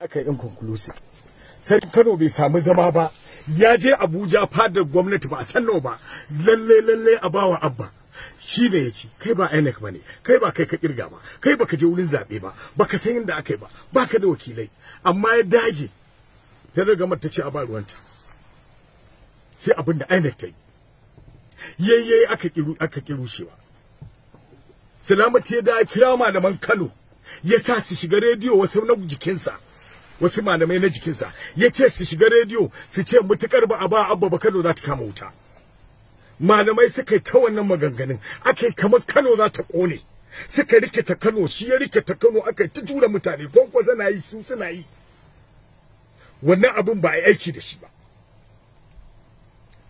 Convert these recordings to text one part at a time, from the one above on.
aka yi inconclusive sai kano bai samu zama ba ya je abuja fadar gwamnati ba a san ba lalle lalle a bawa abba shi ne ya ci kai ba inec ba ne kai ba kai ka kirga ba kai ba ka je wurin zaɓe ba ba ka san inda aka yi ba ba ka da wakilai amma ya dage ya riga mata ce a ba ruwanta sai abin da inec ta yi yayyayi aka kiru aka kirushewa salamatu ya da kira malaman kano ya sa su shiga rediyo wasu na jikinsa wasu malamai na jikinsa ya ce su shiga rediyo su ce mutukar ba a ba abba ba kano za ta kama wuta malamai suka yi ta wannan maganganun aka yi kamar kano za ta kone suka ta kano shi ya ta kano aka yi ta tura mutane kwankwaza na yi su suna yi wannan abin ba a yi aiki da shi ba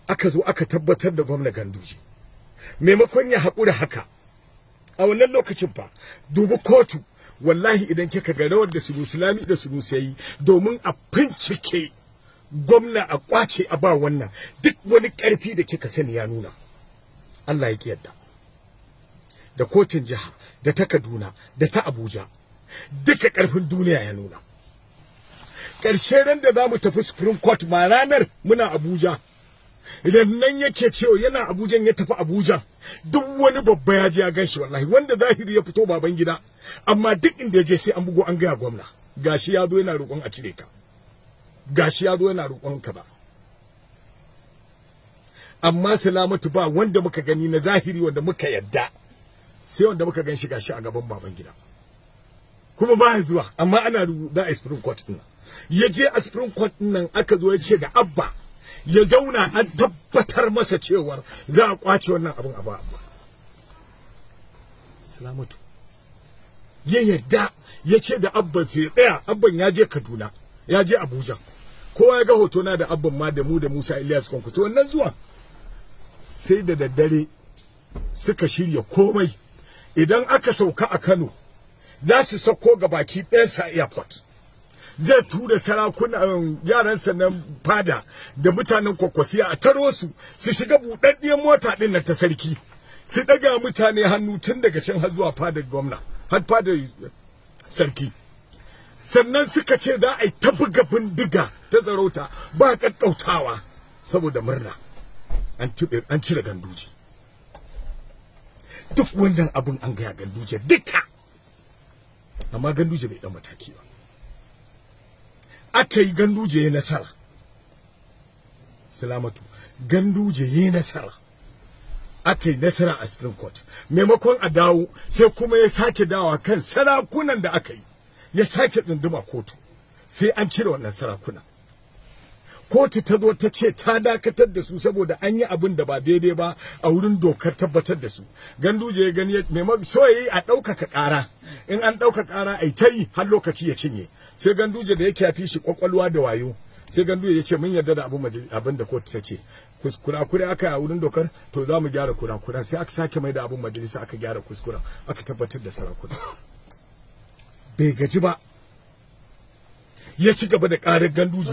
aka zo aka tabbatar da gwamna ganduji. maimakon ya haƙura haka a wannan lokacin ba, dubi kotu wallahi idan kika ga rawar da su sunusulami da su yi domin a bincike gwamna a kwace a ba wannan duk wani karfi da kika sani ya nuna Allah ya kiyarda da kotun jiha da ta Kaduna da ta Abuja duka karfin duniya ya nuna karshe ran da zamu tafi Supreme Court ma ranar muna Abuja idan nan yake cewa yana Abuja ya tafi Abuja duk wani babba ya ji ya ganshi wallahi wanda zahiri ya fito baban gida amma duk inda yaje sai an bugo an gaya gwamna gashi ya zo yana roƙon a cire ka gashi ya zo yana roƙon ka ba amma salamatu ba wanda muka gani na zahiri wanda muka yadda sai wanda muka gan shi gashi a gaban baban gida kuma ba ya zuwa amma ana rubuta a supreme court din nan ya je a supreme court din nan aka zo ya ce ga abba ya zauna an tabbatar masa cewar za a kwace wannan abin a ba abba salamatu ya yadda ya ce da abban sai daya abban ya je kaduna ya je abuja kowa ya ga hoto na da abban ma da mu da musa ilyas kwankwas to wannan zuwa sai da daddare suka shirya komai idan aka sauka a kano za su sako ga baki ɗayansa airport zai tura sarakunan um, yaransa na fada da mutanen kwakwasiya a taro su su shiga buɗaɗɗiyar mota ɗin na ta sarki su ɗaga mutane hannu tun daga can har zuwa fadar gwamna har fada sarki sannan suka ce za a yi ta buga bindiga ta zarauta ba kakkautawa saboda murna an tube an cire ganduje duk wannan abun an gaya ganduje duka amma ganduje bai dan mataki ba aka yi ganduje ya nasara salamatu ganduje ya nasara aka yi nasara a Supreme Court maimakon a dawo sai kuma ya sake dawa kan sarakunan da aka yi ya sake tsunduma kotu sai an cire wannan sarakuna kotu ta zo ta ce ta dakatar da su saboda an yi abin da ba daidai ba a wurin dokar tabbatar da su ganduje ya gani maimakon so yayi a ɗaukaka ƙara in an ɗaukaka ƙara a yi ta yi har lokaci ya cinye sai ganduje da yake fi shi ƙwaƙwalwa da wayo sai gandu ya ce mun yarda da abin da kotu ta ce kuskure aka yi wurin dokar to za mu gyara kurakuran sai aka sake mai da abin majalisa aka gyara kuskura aka tabbatar da sarakuna bai gaji ba ya ci gaba da ƙarar ganduji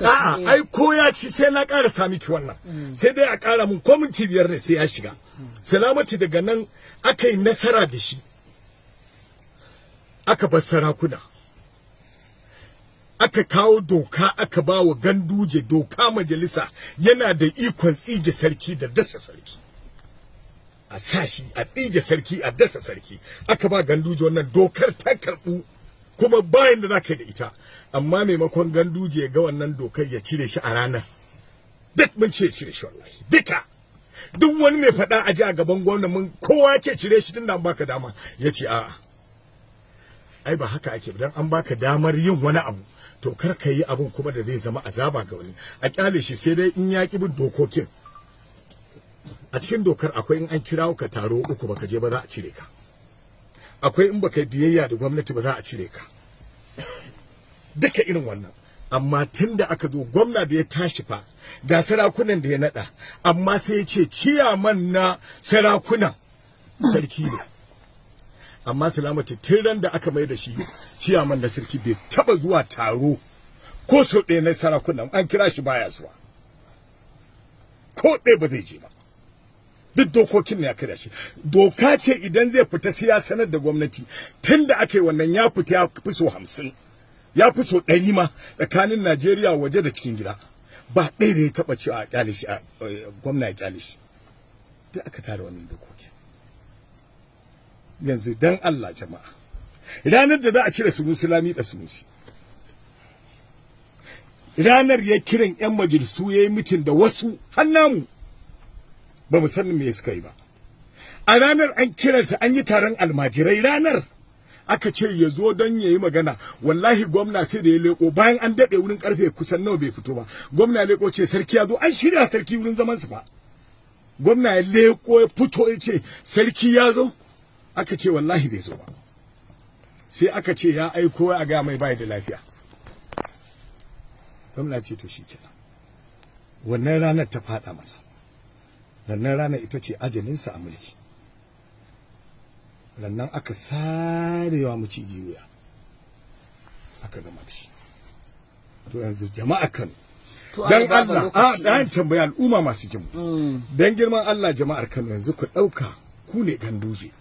a'a ai ko ya ci sai na ƙara sami ki wannan mm. sai dai a ƙara mun ko minti biyar ne sai ya shiga mm. salamati daga nan aka yi nasara da shi aka bar sarakuna aka kawo doka aka ba wa ganduje doka majalisa yana da ikon tsige sarki da dasa sarki a sashi a tsige sarki a dasa sarki aka ba ganduje wannan dokar ta karbu kuma bayan da za ka yi da ita amma maimakon ganduje ya ga wannan dokar ya cire shi a ranar duk mun ce cire shi wallahi duka duk wani mai faɗa a ji a gaban gwamna mun kowa ce cire shi tunda an baka dama ya ce a'a ai ba haka ake ba dan an baka damar yin wani abu to kar ka yi abin kuma da zai zama azaba ga wani a kyale shi sai dai in ya ki bin dokokin a cikin dokar akwai in an kirawo ka taro uku baka je ba za a cire ka akwai in baka biyayya da gwamnati ba za a cire ka duka irin wannan amma tunda aka zo gwamna da ya tashi fa ga sarakunan da ya nada amma sai ya ce ciyaman na sarakunan sarki ne amma salamatu tun da aka mai da shi ciyaman da sarki bai taba zuwa taro ko sau ɗaya na sarakunan an kira shi baya zuwa ko ɗaya ba zai je ba duk dokokin ne ya kira shi doka ce idan zai fita sai sanar da gwamnati tun da aka yi wannan ya fita ya fi so hamsin ya fi so ɗari ma tsakanin najeriya waje da cikin gida ba ɗaya da ya taɓa cewa a ƙyale shi eh, gwamna ya ƙyale shi duk aka tara wannan dokokin yanzu dan Allah jama'a ranar da za a cire sunusi lami da sunusi ranar ya kiran yan majalisu ya yi mitin da wasu hannamu ba mu sanin me suka yi ba a ranar an ta an yi taron almajirai ranar aka ce ya zo don ya yi magana wallahi gwamna sai da ya leko bayan an daɗe wurin karfe kusan nawa bai fito ba gwamna leko ce sarki ya zo an shirya sarki wurin zaman su ba gwamna ya leko ya fito ya ce sarki ya zo aka ce wallahi bai zo ba sai aka ce ya aiko a ga mai bai da lafiya gwamna ce to shi kenan wannan ranar ta fada masa wannan ranar ita ce ajalinsa a mulki lannan aka sarewa maciji wuya aka gama shi to yanzu jama'a kan dan Allah a ah, dan tambaya al'umma masu jimu mm. dan girman Allah jama'ar Kano yanzu ku dauka ku ne ganduje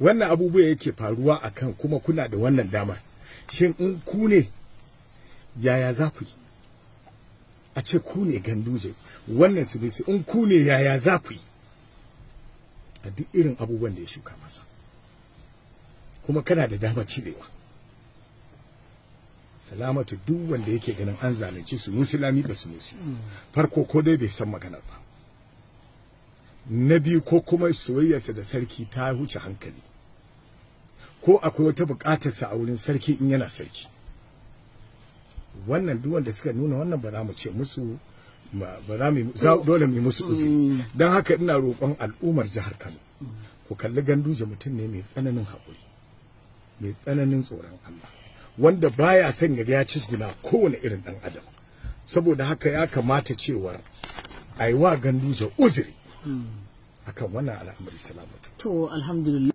wannan abubuwa yake faruwa a kan kuma kuna da wannan damar shin in ku ne yaya za ku yi a ce ku ne ganduje wannan su bisu in ku ne yaya za ku yi a duk irin abubuwan da ya shuka masa kuma kana da damar cirewa salamatu duk wanda yake ganin an zalunci su musulami da su musulmi. Hmm. farko ko dai bai san maganar ba na biyu ko kuma soyayyarsa da sarki ta huce hankali ko akwai wata buƙatarsa a wurin sarki in yana sarki wannan duwanda suka nuna wannan ba za mu ce musu ba za mu dole mu yi musu uzuri mm. don haka ina roƙon al'ummar jihar Kano ku kalli ganduje mutum ne mai tsananin haƙuri mai tsananin tsoron Allah wanda baya son ya ya cisguna kowane irin ɗan adam saboda haka ya kamata cewar a yi wa ganduje uzuri Hmm. akan wannan al'amari salamatu to alhamdulillah